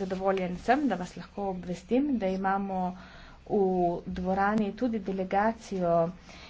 Zadovoljen sem, da vas lahko obvestim, da imamo v dvorani tudi delegacijo eh,